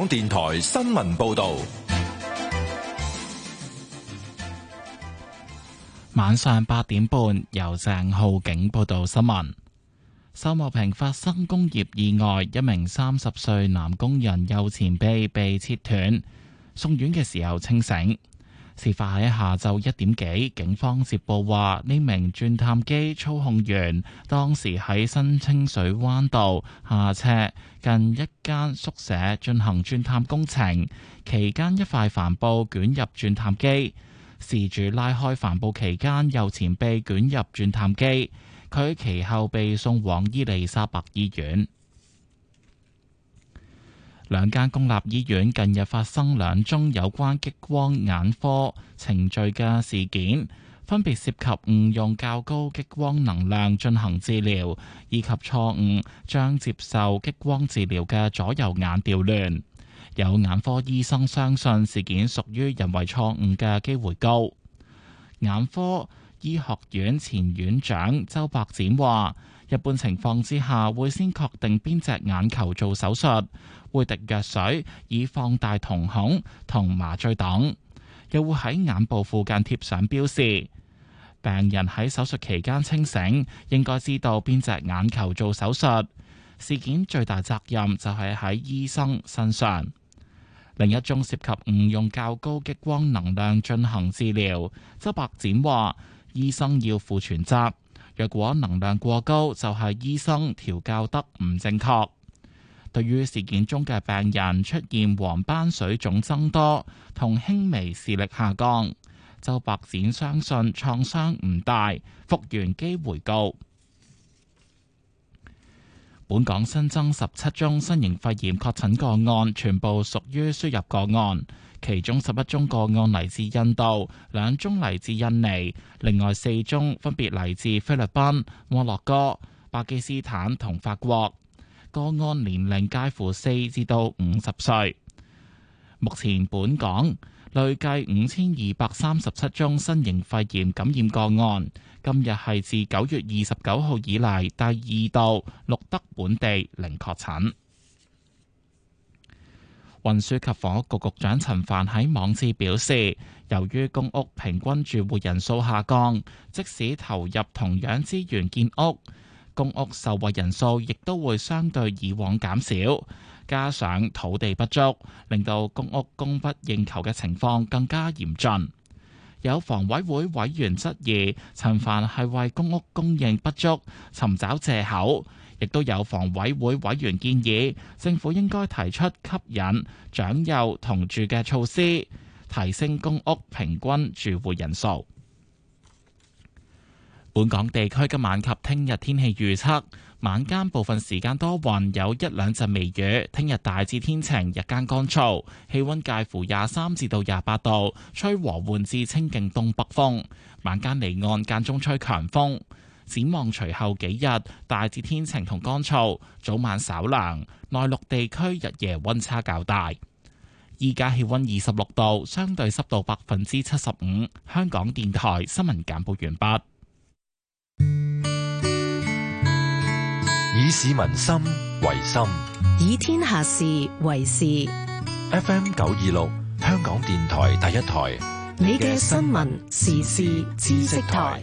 港電台新聞報道，晚上八點半由鄭浩景報道新聞。秀茂坪發生工業意外，一名三十歲男工人右前臂被切斷，送院嘅時候清醒。事發喺下晝一點幾，警方接報話，呢名鑽探機操控員當時喺新清水灣道下車，近一間宿舍進行鑽探工程期間，一塊帆布捲入鑽探機，事主拉開帆布期間右前臂捲入鑽探機，佢其後被送往伊利沙伯醫院。兩間公立醫院近日發生兩宗有關激光眼科程序嘅事件，分別涉及誤用較高激光能量進行治療，以及錯誤將接受激光治療嘅左右眼調亂。有眼科醫生相信事件屬於人為錯誤嘅機會高。眼科醫學院前院長周伯展話：一般情況之下，會先確定邊隻眼球做手術，會滴藥水以放大瞳孔同麻醉等，又會喺眼部附近貼上標示。病人喺手術期間清醒，應該知道邊隻眼球做手術。事件最大責任就係喺醫生身上。另一宗涉及誤用較高激光能量進行治療，周伯展話醫生要負全責。若果能量過高，就係、是、醫生調教得唔正確。對於事件中嘅病人出現黃斑水腫增多同輕微視力下降，周伯展相信創傷唔大，復原機會高。本港新增十七宗新型肺炎確診個案，全部屬於輸入個案。其中十一宗個案嚟自印度，兩宗嚟自印尼，另外四宗分別嚟自菲律賓、摩洛哥、巴基斯坦同法國。個案年齡介乎四至到五十歲。目前本港累計五千二百三十七宗新型肺炎感染個案，今日係自九月二十九號以嚟第二度錄得本地零確診。運輸及房屋局局長陳帆喺網誌表示，由於公屋平均住戶人數下降，即使投入同樣資源建屋，公屋受惠人數亦都會相對以往減少。加上土地不足，令到公屋供不應求嘅情況更加嚴峻。有房委會委員質疑陳帆係為公屋供應不足尋找借口。亦都有房委會委員建議，政府應該提出吸引長幼同住嘅措施，提升公屋平均住戶人數。本港地區今晚及聽日天氣預測：晚間部分時間多雲，有一兩陣微雨；聽日大致天晴，日間乾燥，氣温介乎廿三至到廿八度，吹和緩至清勁東北風，晚間離岸間中吹強風。展望隨後幾日，大致天晴同乾燥，早晚稍涼，內陸地區日夜溫差較大。而家氣溫二十六度，相對濕度百分之七十五。香港電台新聞簡報完畢。以市民心為心，以天下事為事。F.M. 九二六，香港電台第一台，你嘅新聞時事知識台。.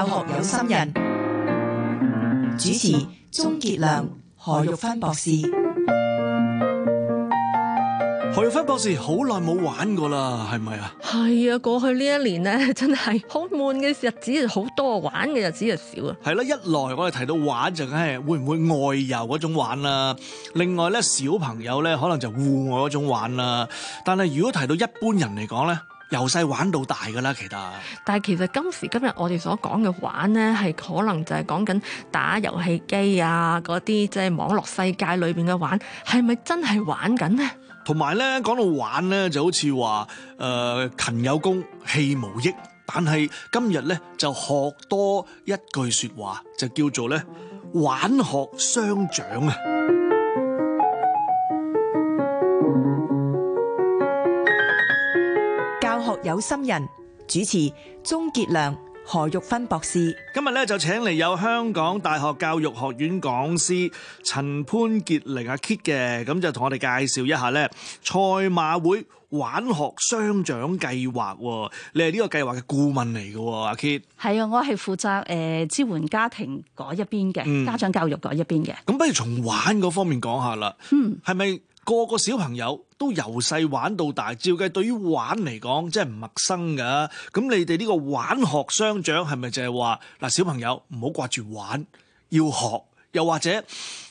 教學有心人，主持鍾傑良、何玉芬博士。何玉芬博士好耐冇玩過啦，係咪啊？係啊，過去呢一年咧，真係好悶嘅日子好多，玩嘅日子就少啊。係咯，一來我哋提到玩就梗係會唔會外遊嗰種玩啦，另外咧，小朋友咧，可能就戶外嗰種玩啦。但係如果提到一般人嚟講咧。由細玩到大噶啦，其實。但係其實今時今日我哋所講嘅玩呢，係可能就係講緊打遊戲機啊，嗰啲即係網絡世界裏邊嘅玩，係咪真係玩緊呢？同埋呢，講到玩呢，就好似話誒勤有功，戲無益。但係今日呢，就學多一句說話，就叫做呢：玩學相長啊！有心人主持鍾杰良、何玉芬博士，今日咧就請嚟有香港大學教育學院講師陳潘潔玲阿 Kit 嘅，咁就同我哋介紹一下咧賽馬會玩學相長計劃，你係呢個計劃嘅顧問嚟嘅阿 Kit，係啊，我係負責誒支援家庭嗰一邊嘅，家長教育嗰一邊嘅，咁不如從玩嗰方面講下啦，嗯，係咪個個小朋友？都由細玩到大，照計，對於玩嚟講真係唔陌生噶。咁你哋呢個玩學相長係咪就係話，嗱，小朋友唔好掛住玩要學，又或者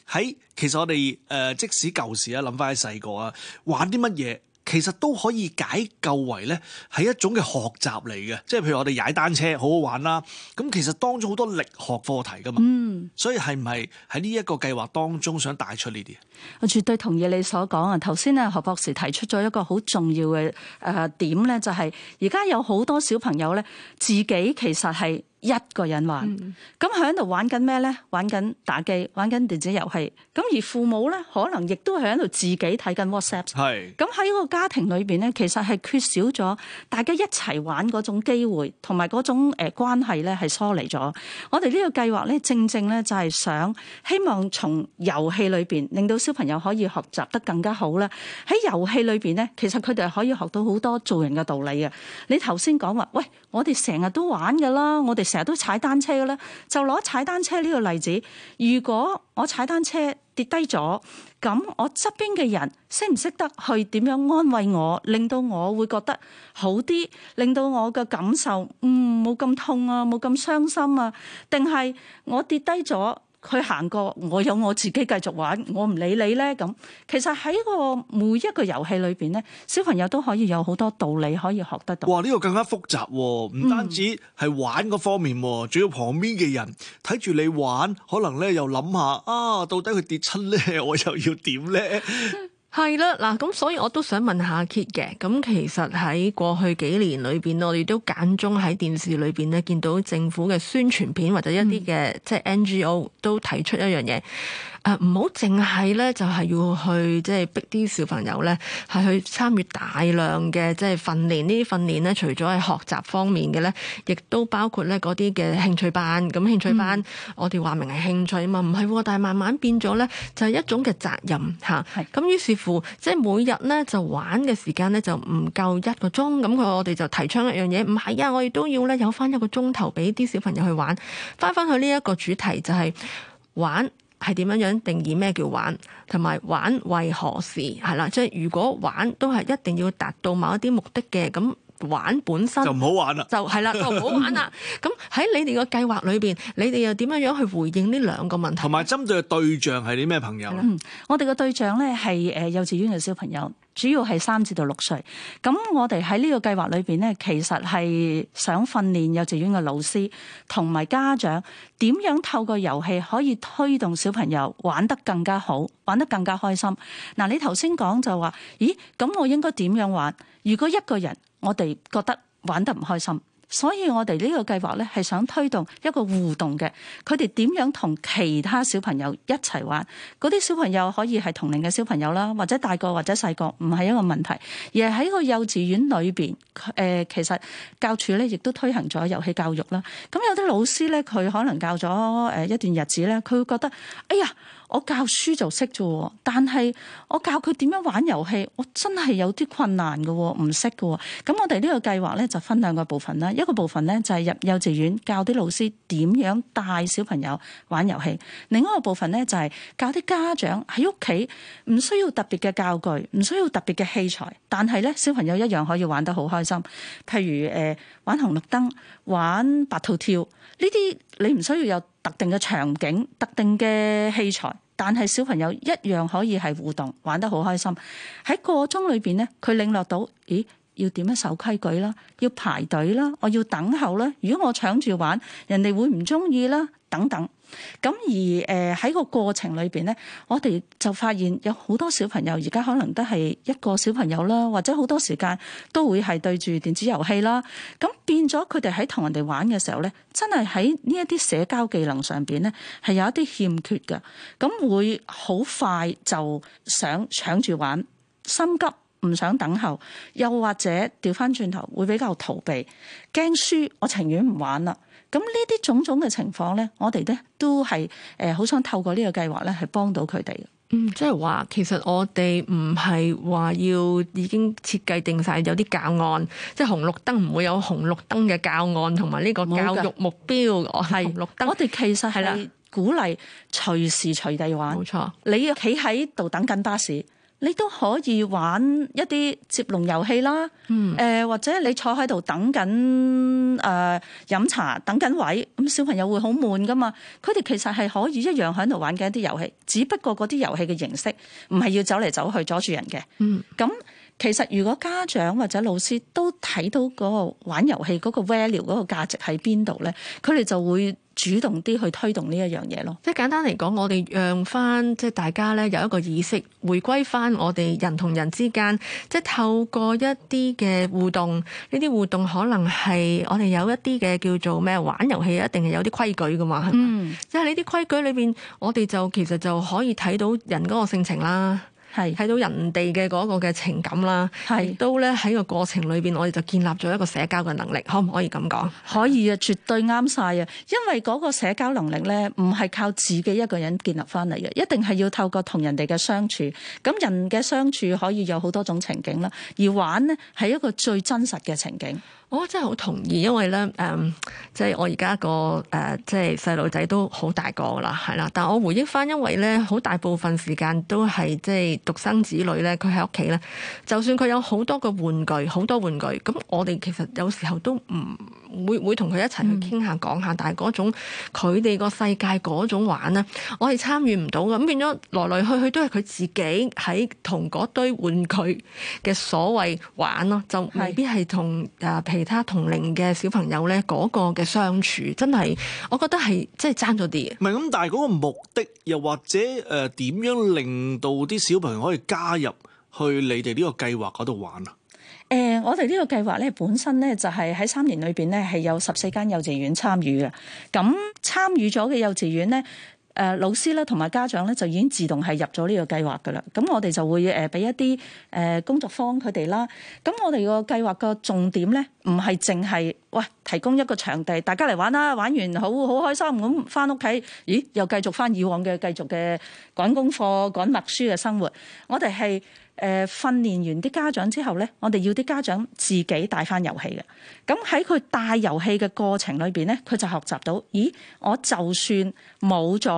喺其實我哋誒、呃、即使舊時啊諗翻起細個啊玩啲乜嘢？其實都可以解救為咧，係一種嘅學習嚟嘅，即係譬如我哋踩單車好好玩啦。咁其實當中好多力學課題㗎嘛。嗯，所以係唔係喺呢一個計劃當中想帶出呢啲？我絕對同意你所講啊。頭先啊，何博士提出咗一個好重要嘅誒點咧，就係而家有好多小朋友咧，自己其實係一個人玩，咁響度玩緊咩咧？玩緊打機，玩緊電子遊戲，咁而父母咧，可能亦都係喺度自己睇緊 WhatsApp。係是。咁喺個家庭裏邊咧，其實係缺少咗大家一齊玩種機會同埋種誒、呃、關係咧，係疏離咗。我哋呢個計劃咧，正正咧就係想希望從遊戲裏邊令到小朋友可以學習得更加好啦。喺遊戲裏邊咧，其實佢哋可以學到好多做人嘅道理嘅。你頭先講話喂，我哋成日都玩噶啦，我哋。成日都踩單車嘅咧，就攞踩單車呢個例子。如果我踩單車跌低咗，咁我側邊嘅人識唔識得去點樣安慰我，令到我會覺得好啲，令到我嘅感受，嗯，冇咁痛啊，冇咁傷心啊？定係我跌低咗？佢行過，我有我自己繼續玩，我唔理你咧咁。其實喺個每一個遊戲裏邊咧，小朋友都可以有好多道理可以學得到。哇！呢個更加複雜喎，唔單止係玩嗰方面，仲、嗯、要旁邊嘅人睇住你玩，可能咧又諗下啊，到底佢跌親咧，我又要點咧？ 係啦，嗱咁 所以我都想問下 Kit 嘅，咁其實喺過去幾年裏邊，我哋都間中喺電視裏邊咧見到政府嘅宣傳片或者一啲嘅即係 NGO 都提出一樣嘢。誒唔好淨係咧，就係、呃、要去即係逼啲小朋友咧，係去參與大量嘅即係訓練。呢啲訓練咧，除咗係學習方面嘅咧，亦都包括咧嗰啲嘅興趣班。咁興趣班、嗯、我哋話明係興趣啊嘛，唔係喎。但係慢慢變咗咧，就係一種嘅責任嚇。咁的於是乎，即係每日咧就玩嘅時間咧就唔夠一個鐘。咁佢我哋就提倡一樣嘢，唔係啊，我哋都要咧有翻一個鐘頭俾啲小朋友去玩。翻翻去呢一個主題就係、是、玩。係點樣樣定義咩叫玩，同埋玩為何事？係啦，即係如果玩都係一定要達到某一啲目的嘅，咁玩本身就唔好玩啦， 就係啦，就唔好玩啦。咁喺你哋嘅計劃裏邊，你哋又點樣樣去回應呢兩個問題？同埋針對嘅對象係啲咩朋友咧？我哋嘅對象咧係誒幼稚園嘅小朋友。主要係三至到六歲，咁我哋喺呢個計劃裏邊呢，其實係想訓練幼稚園嘅老師同埋家長，點樣透過遊戲可以推動小朋友玩得更加好，玩得更加開心。嗱，你頭先講就話，咦，咁我應該點樣玩？如果一個人，我哋覺得玩得唔開心。所以我哋呢個計劃咧，係想推動一個互動嘅。佢哋點樣同其他小朋友一齊玩？嗰啲小朋友可以係同齡嘅小朋友啦，或者大個或者細個，唔係一個問題。而係喺個幼稚園裏邊，誒，其實教署咧亦都推行咗遊戲教育啦。咁有啲老師咧，佢可能教咗誒一段日子咧，佢會覺得，哎呀，我教書就識啫，但係我教佢點樣玩遊戲，我真係有啲困難嘅，唔識嘅。咁我哋呢個計劃咧，就分兩個部分啦。一個部分咧就係入幼稚園教啲老師點樣帶小朋友玩遊戲，另一個部分咧就係教啲家長喺屋企唔需要特別嘅教具，唔需要特別嘅器材，但係咧小朋友一樣可以玩得好開心。譬如誒、呃、玩紅綠燈、玩白兔跳呢啲，你唔需要有特定嘅場景、特定嘅器材，但係小朋友一樣可以係互動玩得好開心。喺個中裏邊咧，佢領略到咦？要點樣守規矩啦，要排隊啦，我要等候啦，如果我搶住玩，人哋會唔中意啦。等等。咁而誒喺、呃、個過程裏邊呢，我哋就發現有好多小朋友而家可能都係一個小朋友啦，或者好多時間都會係對住電子遊戲啦。咁變咗佢哋喺同人哋玩嘅時候呢，真係喺呢一啲社交技能上邊呢，係有一啲欠缺嘅。咁會好快就想搶住玩，心急。唔想等候，又或者掉翻轉頭會比較逃避，驚輸，我情願唔玩啦。咁呢啲種種嘅情況咧，我哋咧都係誒，好想透過呢個計劃咧，係幫到佢哋嘅。嗯，即係話，其實我哋唔係話要已經設計定晒有啲教案，即係紅綠燈唔會有紅綠燈嘅教案同埋呢個教育目標。冇噶，我係紅綠燈。我哋其實係啦，鼓勵隨時隨地玩。冇錯。你企喺度等緊巴士。你都可以玩一啲接龍遊戲啦，誒、嗯呃、或者你坐喺度等緊誒、呃、飲茶等緊位，咁小朋友會好悶噶嘛？佢哋其實係可以一樣喺度玩緊一啲遊戲，只不過嗰啲遊戲嘅形式唔係要走嚟走去阻住人嘅。咁、嗯、其實如果家長或者老師都睇到嗰個玩遊戲嗰個 value 嗰個價值喺邊度咧，佢哋就會，主動啲去推動呢一樣嘢咯，即係簡單嚟講，我哋讓返即係大家咧有一個意識，回歸返我哋人同人之間，即係透過一啲嘅互動，呢啲互動可能係我哋有一啲嘅叫做咩玩遊戲一定係有啲規矩㗎嘛，係咪？即係呢啲規矩裏邊，我哋就其實就可以睇到人嗰個性情啦。係睇到人哋嘅嗰個嘅情感啦，係是都咧喺個過程裏邊，我哋就建立咗一個社交嘅能力，可唔可以咁講？可以啊，絕對啱晒啊！因為嗰個社交能力咧，唔係靠自己一個人建立翻嚟嘅，一定係要透過同人哋嘅相處。咁人嘅相處可以有好多種情景啦，而玩咧係一個最真實嘅情景。我、哦、真係好同意，因為咧，誒、嗯，即係我而家個誒、呃，即係細路仔都好大個啦，係啦。但我回憶返，因為咧，好大部分時間都係即係獨生子女咧，佢喺屋企咧，就算佢有好多個玩具，好多玩具，咁我哋其實有時候都唔會會同佢一齊去傾下講下，嗯、但係嗰種佢哋個世界嗰種玩咧，我係參與唔到嘅。咁變咗來來去去都係佢自己喺同嗰堆玩具嘅所謂玩咯，就未必係同誒，其他同齡嘅小朋友咧，嗰、嗰個嘅相處真係，我覺得係即係爭咗啲嘅。唔係咁，但係嗰個目的又或者誒，點、呃、樣令到啲小朋友可以加入去你哋呢個計劃嗰度玩啊？誒、呃，我哋呢個計劃咧，本身咧就係喺三年裏邊咧，係有十四間幼稚園參與嘅。咁參與咗嘅幼稚園咧。誒老師咧，同埋家長咧，就已經自動係入咗呢個計劃㗎喇。咁我哋就會誒俾一啲誒工作坊佢哋啦。咁我哋個計劃個重點咧，唔係淨係喂提供一個場地，大家嚟玩啦，玩完好好，好開心，咁返屋企，咦，又繼續返以往嘅繼續嘅趕功課、趕默書嘅生活。我哋係。誒、呃、訓練完啲家長之後咧，我哋要啲家長自己帶翻遊戲嘅。咁喺佢帶遊戲嘅過程裏邊咧，佢就學習到，咦，我就算冇咗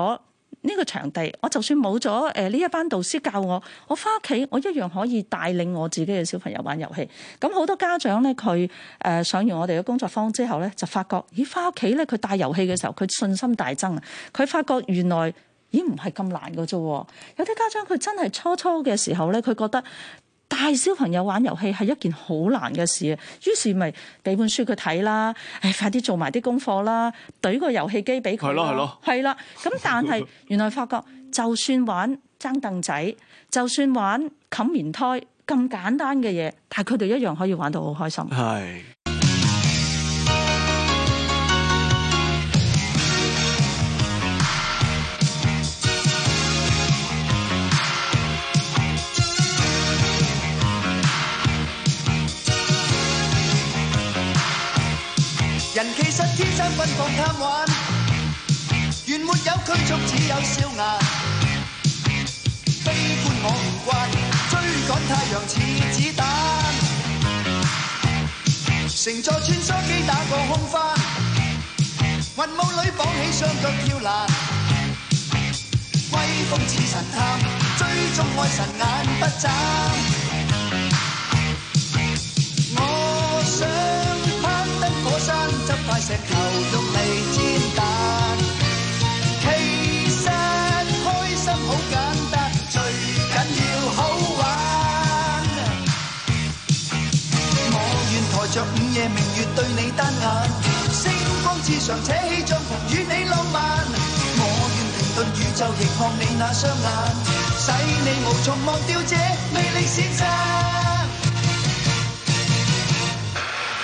呢個場地，我就算冇咗誒呢一班導師教我，我翻屋企我一樣可以帶領我自己嘅小朋友玩遊戲。咁好多家長咧，佢誒、呃、上完我哋嘅工作坊之後咧，就發覺，咦，翻屋企咧佢帶遊戲嘅時候，佢信心大增啊！佢發覺原來。咦，唔係咁難嘅啫喎！有啲家長佢真係初初嘅時候呢，佢覺得帶小朋友玩遊戲係一件好難嘅事啊，於是咪俾本書佢睇啦，唉、哎，快啲做埋啲功課啦，懟個遊戲機俾佢啦，係囉，係囉，係啦，咁但係 原來發覺，就算玩爭凳仔，就算玩冚棉胎咁簡單嘅嘢，但係佢哋一樣可以玩到好開心。係。人其實天生奔放貪玩，原沒有拘束，只有笑顏。悲觀我唔慣，追趕太陽似子彈。乘坐穿梭機打個空翻，雲霧裏綁起雙腳跳欄。威風似神探，追蹤愛神眼不眨。塊石頭都未煎打，其實 開心好簡單，最緊要好玩。我願抬着午夜明月對你單眼，星光之上，扯起帳篷與你浪漫。我願停頓宇宙凝望你那雙眼，使你無從忘掉這魅力先生。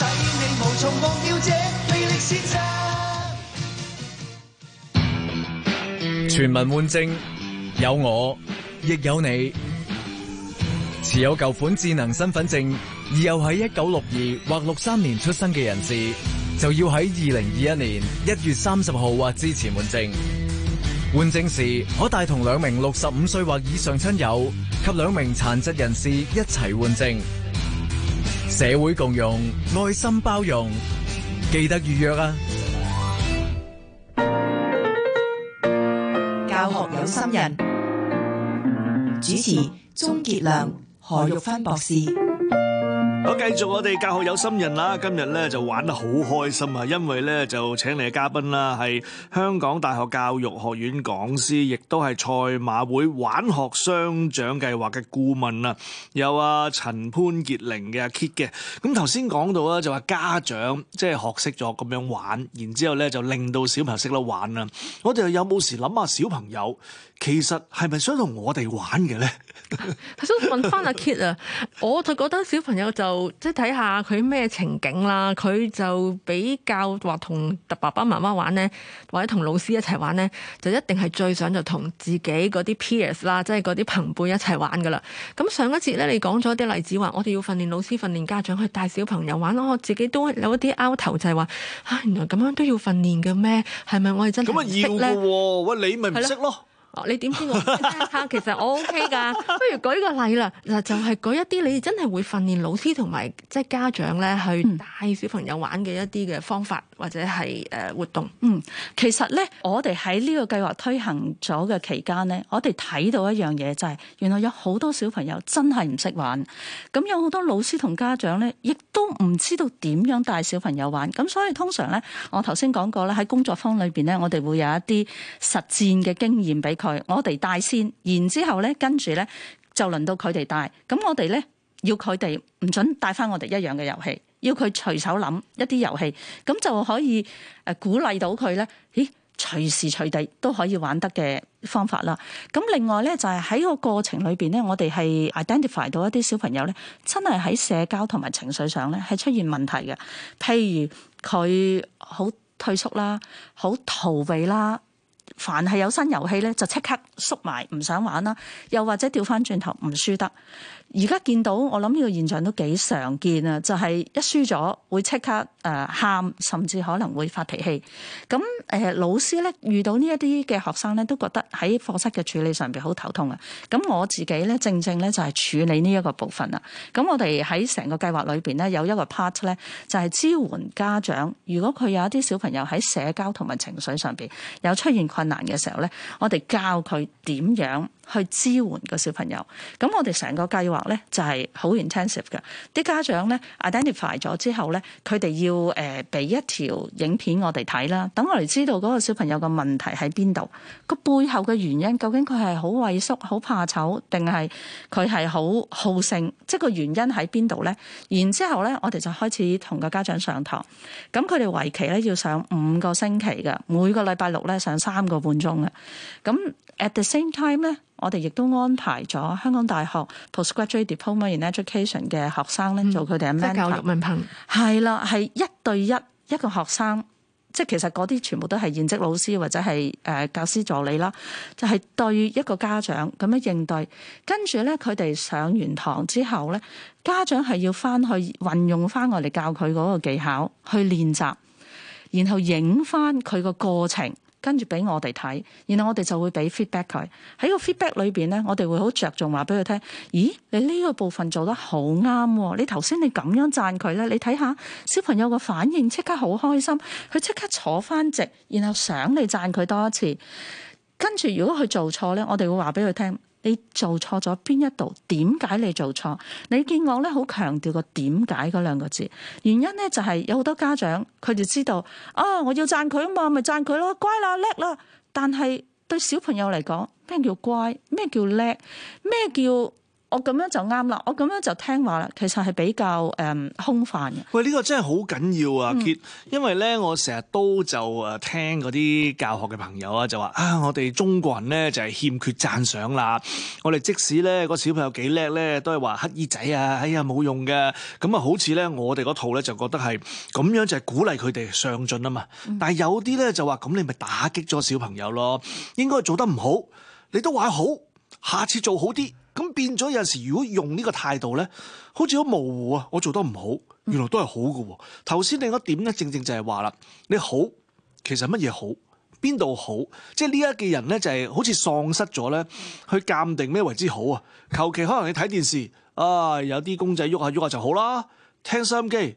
忘掉全民換證有我亦有你，持有舊款智能身份證而又喺一九六二或六三年出生嘅人士，就要喺二零二一年一月三十號或之前換證。換證時可帶同兩名六十五歲或以上親友及兩名殘疾人士一齊換證。社會共融，愛心包容，記得預約啊！教學有心人，主持：鍾傑良、何玉芬博士。好，繼續我哋教學有心人啦！今日咧就玩得好開心啊，因為咧就請嚟嘅嘉賓啦，係香港大學教育學院講師，亦都係賽馬會玩學相長計劃嘅顧問啊。有阿陳潘潔玲嘅阿 Kit 嘅。咁頭先講到咧，就話家長即係學識咗咁樣玩，然之後咧就令到小朋友識得玩啊。我哋又有冇時諗下小朋友？其實係咪想同我哋玩嘅呢？咧 、啊？想問翻阿 Kit 啊，我就覺得小朋友就即係睇下佢咩情景啦，佢就比較話同爸爸媽媽玩呢，或者同老師一齊玩呢，就一定係最想就同自己嗰啲 peers 啦，即係嗰啲朋輩一齊玩噶啦。咁上一節呢，你講咗啲例子話，我哋要訓練老師、訓練家長去帶小朋友玩咯。我自己都有一啲 out 頭就，就係話吓，原來咁樣都要訓練嘅咩？係咪我哋真咁啊？要嘅喎，喂你咪唔識咯。哦、你點知我？ 其實我 OK 噶，不如舉個例啦。嗱， 就係舉一啲你真係會訓練老師同埋即係家長咧，去帶小朋友玩嘅一啲嘅方法或者係誒、呃、活動。嗯，其實咧，我哋喺呢個計劃推行咗嘅期間咧，我哋睇到一樣嘢就係、是、原來有好多小朋友真係唔識玩，咁有好多老師同家長咧，亦都唔知道點樣帶小朋友玩。咁所以通常咧，我頭先講過咧，喺工作坊裏邊咧，我哋會有一啲實戰嘅經驗俾佢我哋帶先，然之後咧，跟住咧就輪到佢哋帶。咁我哋咧要佢哋唔准帶翻我哋一樣嘅遊戲，要佢隨手諗一啲遊戲，咁就可以誒鼓勵到佢咧。咦，隨時隨地都可以玩得嘅方法啦。咁另外咧就係、是、喺個過程裏邊咧，我哋係 identify 到一啲小朋友咧，真係喺社交同埋情緒上咧係出現問題嘅，譬如佢好退縮啦，好逃避啦。凡係有新遊戲咧，就即刻縮埋，唔想玩啦。又或者掉翻轉頭，唔輸得。而家見到我諗呢個現象都幾常見啊！就係、是、一輸咗會即刻誒、呃、喊，甚至可能會發脾氣。咁誒、呃、老師咧遇到呢一啲嘅學生咧，都覺得喺課室嘅處理上邊好頭痛啊！咁我自己咧正正咧就係處理呢一個部分啦。咁我哋喺成個計劃裏邊咧有一個 part 咧，就係、是、支援家長。如果佢有一啲小朋友喺社交同埋情緒上邊有出現困難嘅時候咧，我哋教佢點樣。去支援個小朋友，咁我哋成個計劃咧就係好 intensive 嘅。啲家長咧 identify 咗之後咧，佢哋要誒俾一條影片我哋睇啦，等我哋知道嗰個小朋友嘅問題喺邊度，個背後嘅原因究竟佢係好畏縮、好怕醜，定係佢係好好勝？即係個原因喺邊度咧？然之後咧，我哋就開始同個家長上堂，咁佢哋為期咧要上五個星期嘅，每個禮拜六咧上三個半鐘嘅，咁。At the same time 咧，我哋亦都安排咗香港大學 postgraduate diploma in education 嘅學生咧做佢哋嘅 mentor，係啦、嗯，即教育文憑，係一對一一個學生，即係其實嗰啲全部都係現職老師或者係誒教師助理啦，就係、是、對一個家長咁樣應對。跟住咧，佢哋上完堂之後咧，家長係要翻去運用翻我哋教佢嗰個技巧去練習，然後影翻佢個過程。跟住俾我哋睇，然後我哋就會俾 feedback 佢。喺個 feedback 裏邊咧，我哋會好着重話俾佢聽，咦？你呢個部分做得好啱喎！你頭先你咁樣讚佢咧，你睇下小朋友個反應即刻好開心，佢即刻坐翻直，然後想你讚佢多一次。跟住如果佢做錯咧，我哋會話俾佢聽。你做錯咗邊一度？點解你做錯？你見我咧好強調個點解嗰兩個字，原因咧就係有好多家長佢哋知道啊、哦，我要讚佢啊嘛，咪讚佢咯，乖啦，叻啦。但係對小朋友嚟講，咩叫乖？咩叫叻？咩叫？我咁樣就啱啦，我咁樣就聽話啦，其實係比較誒空泛嘅。喂，呢個真係好緊要啊！傑，因為咧，我成日都就誒聽嗰啲教學嘅朋友啊，就話啊，我哋中國人咧就係欠缺讚賞啦。我哋即使咧個小朋友幾叻咧，都係話乞兒仔啊，哎呀冇用嘅。咁啊，好似咧我哋嗰套咧就覺得係咁樣就係鼓勵佢哋上進啊嘛。但係有啲咧就話咁你咪打擊咗小朋友咯，應該做得唔好，你都話好，下次做好啲。咁變咗有陣時，如果用呢個態度咧，好似好模糊啊！我做得唔好，原來都係好嘅喎。頭先另一點咧，正正就係話啦，你好其實乜嘢好，邊度好，即係呢一嘅人咧，就係好似喪失咗咧去鑒定咩為之好啊！求其可能你睇電視 啊，有啲公仔喐下喐下就好啦，聽收音機。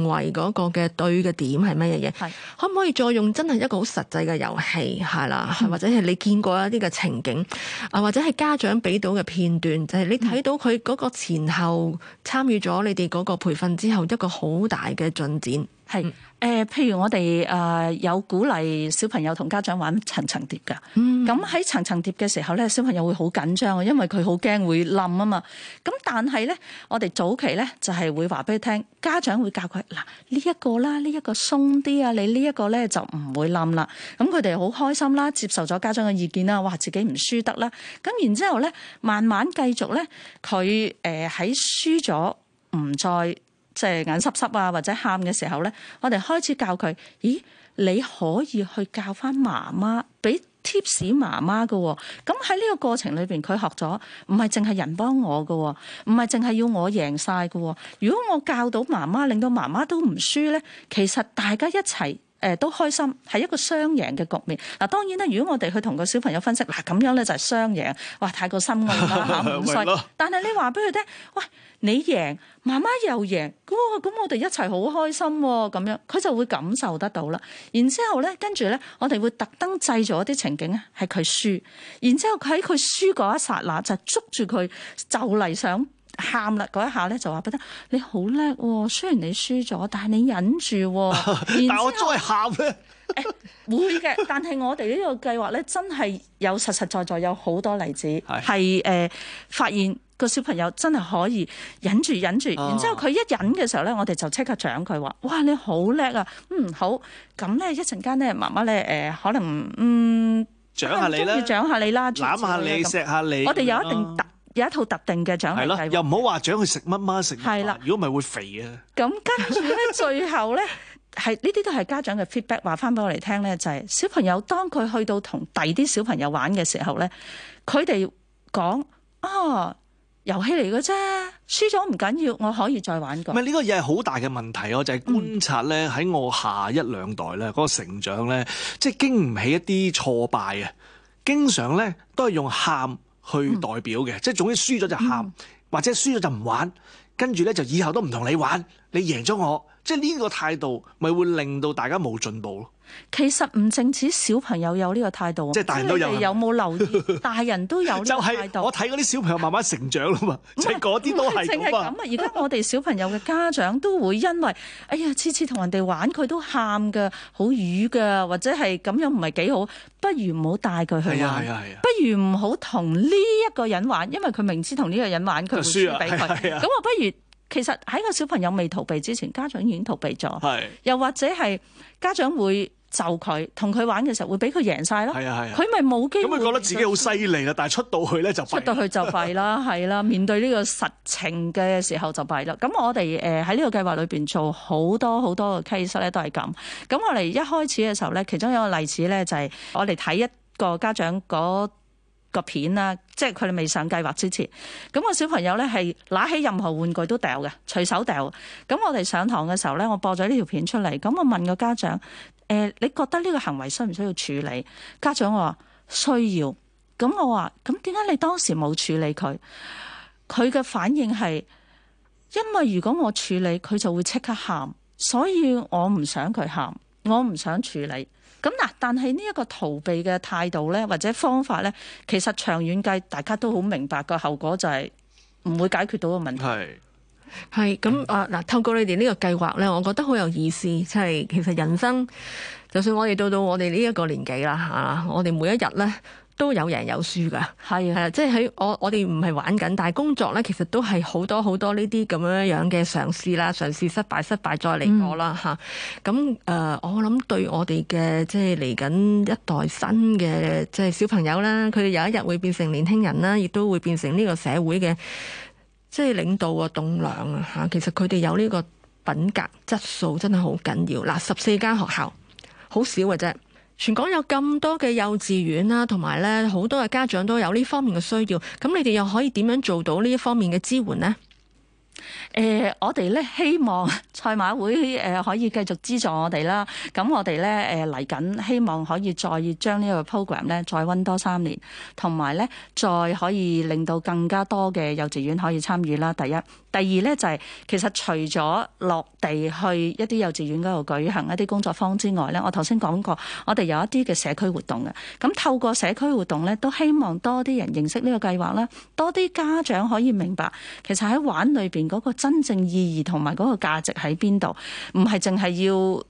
為嗰個嘅對嘅點係乜嘢？係是可唔可以再用真係一個好實際嘅遊戲係啦、嗯或，或者係你見過一啲嘅情景，啊或者係家長俾到嘅片段，就係、是、你睇到佢嗰個前後參與咗你哋嗰個培訓之後一個好大嘅進展。係誒、呃，譬如我哋誒、呃、有鼓勵小朋友同家長玩層層疊噶，嗯，咁喺層層疊嘅時候咧，小朋友會好緊張，因為佢好驚會冧啊嘛。咁但係咧，我哋早期咧就係、是、會話俾佢聽，家長會教佢嗱呢一個啦，呢、這、一個鬆啲啊，你呢一個咧就唔會冧啦。咁佢哋好開心啦，接受咗家長嘅意見啦，話自己唔輸得啦。咁然之後咧，慢慢繼續咧，佢誒喺輸咗唔再。即係眼濕濕啊，或者喊嘅時候咧，我哋開始教佢，咦？你可以去教翻媽媽，俾貼士媽媽噶喎，咁喺呢個過程裏邊，佢學咗，唔係淨係人幫我噶喎，唔係淨係要我贏晒噶喎。如果我教到媽媽，令到媽媽都唔輸咧，其實大家一齊。誒都開心，係一個雙贏嘅局面。嗱，當然啦，如果我哋去同個小朋友分析，嗱、啊、咁樣咧就係雙贏，哇，太過深奧啦嚇，五歲。 但係你話俾佢聽，喂，你贏，媽媽又贏，咁、哦、我咁我哋一齊好開心喎、哦，咁樣佢就會感受得到啦。然之後咧，跟住咧，我哋會特登製造一啲情景咧，係佢輸，然之後喺佢輸嗰一剎那就捉住佢，就嚟想喊啦嗰一下咧就話畀得，你好叻喎！雖然你輸咗，但係你忍住喎。但我再喊咧，誒會嘅。但係我哋呢個計劃咧，真係有實實在在有好多例子，係誒發現個小朋友真係可以忍住忍住，然之後佢一忍嘅時候咧，我哋就即刻獎佢話：哇，你好叻啊！嗯好，咁咧一陣間咧媽媽咧誒可能嗯獎下你啦，獎下你啦，攬下你錫下你，我哋有一定有一套特定嘅獎勵計劃，又唔好話獎佢食乜乜食，係啦，如果咪會肥啊。咁跟住咧，最後咧，係呢啲都係家長嘅 feedback，話翻俾我哋聽咧，就係、是、小朋友當佢去到同第二啲小朋友玩嘅時候咧，佢哋講啊，遊戲嚟嘅啫，輸咗唔緊要，我可以再玩過。唔係呢個嘢係好大嘅問題，我就係、是、觀察咧，喺我下一兩代咧，嗰、那個成長咧，即係經唔起一啲挫敗啊，經常咧都係用喊。去代表嘅，即係總之輸咗就喊，或者輸咗就唔玩，跟住咧就以後都唔同你玩，你贏咗我。即係呢個態度，咪會令到大家冇進步咯。其實唔淨止小朋友有呢個態度，即係大人都有。有冇留意？大人都有呢個態度。 就係我睇嗰啲小朋友慢慢成長啦嘛，即係嗰啲都係咁啊。而家 我哋小朋友嘅家長都會因為，哎呀，次次同人哋玩佢都喊㗎，好瘀㗎，或者係咁樣唔係幾好，不如唔好帶佢去。係啊係啊係啊！哎、不如唔好同呢一個人玩，因為佢明知同呢個人玩，佢會輸俾佢。咁我不如。其實喺個小朋友未逃避之前，家長已經逃避咗。係是又或者係家長會就佢同佢玩嘅時候會，會俾佢贏晒咯。係啊係，佢咪冇機會。咁佢覺得自己好犀利啦，就但係出到去咧就出到去就弊啦，係啦、 啊。面對呢個實情嘅時候就弊啦。咁我哋誒喺呢個計劃裏邊做好多好多嘅 case 咧，都係咁。咁我哋一開始嘅時候咧，其中一個例子咧就係我哋睇一個家長嗰個片啦，即係佢哋未上計劃之前，咁我小朋友咧係攞起任何玩具都掉嘅，隨手掉。咁我哋上堂嘅時候咧，我播咗呢條片出嚟。咁我問個家長：誒、呃，你覺得呢個行為需唔需要處理？家長話需要。咁我話：咁點解你當時冇處理佢？佢嘅反應係，因為如果我處理，佢就會即刻喊，所以我唔想佢喊，我唔想處理。咁嗱，但係呢一個逃避嘅態度呢，或者方法呢，其實長遠計大家都好明白個後果就係唔會解決到個問題。係咁係啊！嗱，透過你哋呢個計劃呢，我覺得好有意思，即係其實人生，就算我哋到到我哋呢一個年紀啦嚇，啊，我哋每一日呢。都有贏有輸噶，係啊，係啊，即係喺我我哋唔係玩緊，但係工作呢，其實都係好多好多呢啲咁樣樣嘅嘗試啦，嘗試失敗，失敗再嚟過啦吓，咁誒、嗯嗯，我諗對我哋嘅即係嚟緊一代新嘅即係小朋友啦，佢哋有一日會變成年輕人啦，亦都會變成呢個社會嘅即係領導嘅棟梁。啊吓。其實佢哋有呢個品格質素真係好緊要嗱。十四間學校好少嘅啫。全港有咁多嘅幼稚園啦，同埋咧好多嘅家長都有呢方面嘅需要，咁你哋又可以點樣做到呢一方面嘅支援呢？誒、欸，我哋咧希望賽馬會誒、呃、可以繼續資助我哋啦。咁我哋咧誒嚟緊希望可以再將呢個 program 咧再溫多三年，同埋咧再可以令到更加多嘅幼稚園可以參與啦。第一，第二咧就係、是、其實除咗落地去一啲幼稚園嗰度舉行一啲工作坊之外咧，我頭先講過，我哋有一啲嘅社區活動嘅。咁透過社區活動咧，都希望多啲人認識呢個計劃啦，多啲家長可以明白，其實喺玩裏邊。嗰個真正意義同埋嗰個價值喺邊度？唔係淨係要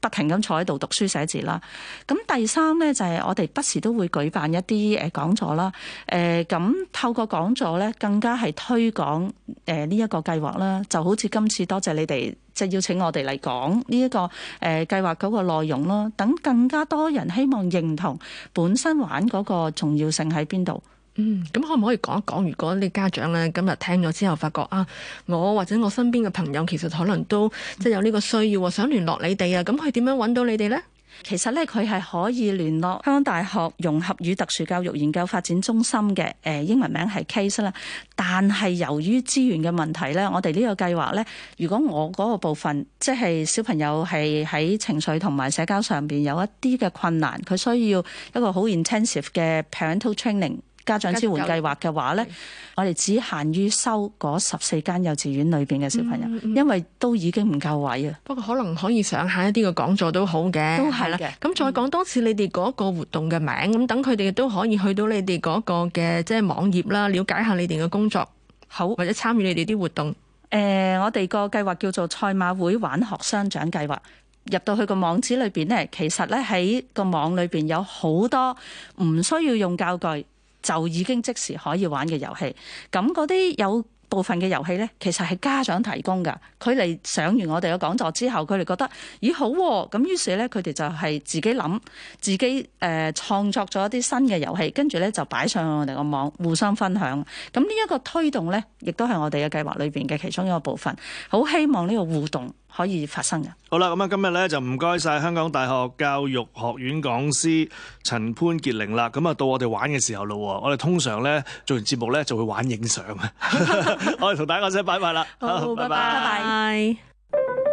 不停咁坐喺度讀書寫字啦。咁第三呢，就係、是、我哋不時都會舉辦一啲誒講座啦。誒、呃、咁透過講座呢，更加係推廣誒呢一個計劃啦。就好似今次多謝你哋即係邀請我哋嚟講呢一個誒、呃、計劃嗰個內容咯，等更加多人希望認同本身玩嗰個重要性喺邊度。嗯，咁可唔可以講一講？如果啲家長咧今日聽咗之後，發覺啊，我或者我身邊嘅朋友其實可能都即係有呢個需要喎，想聯絡你哋啊，咁佢點樣揾到你哋呢？其實呢，佢係可以聯絡香港大學融合與特殊教育研究發展中心嘅，誒、呃、英文名係 CASE 啦。但係由於資源嘅問題呢，我哋呢個計劃呢，如果我嗰個部分即係小朋友係喺情緒同埋社交上邊有一啲嘅困難，佢需要一個好 intensive 嘅 parental training。家長支援計劃嘅話咧，的我哋只限於收嗰十四間幼稚園裏邊嘅小朋友，嗯嗯、因為都已經唔夠位啊。不過，可能可以上下一啲嘅講座都好嘅，都係啦。咁再講多次，你哋嗰個活動嘅名咁，等佢哋都可以去到你哋嗰個嘅即係網頁啦，了解下你哋嘅工作好，或者參與你哋啲活動。誒、呃，我哋個計劃叫做賽馬會玩學相長計劃。入到去個網址裏邊咧，其實咧喺個網裏邊有好多唔需要用教具。就已經即時可以玩嘅遊戲，咁嗰啲有部分嘅遊戲呢，其實係家長提供噶。佢哋上完我哋嘅講座之後，佢哋覺得咦好咁、啊，於是呢，佢哋就係自己諗，自己誒創、呃、作咗一啲新嘅遊戲，跟住呢就擺上我哋個網，互相分享。咁呢一個推動呢，亦都係我哋嘅計劃裏邊嘅其中一個部分。好希望呢個互動。可以發生嘅。好啦，咁啊，今日咧就唔該晒香港大學教育學院講師陳潘潔玲啦。咁啊，到我哋玩嘅時候咯。我哋通常咧做完節目咧就會玩影相。我哋同大家講聲拜拜啦。 好，拜拜好拜拜。拜拜拜拜。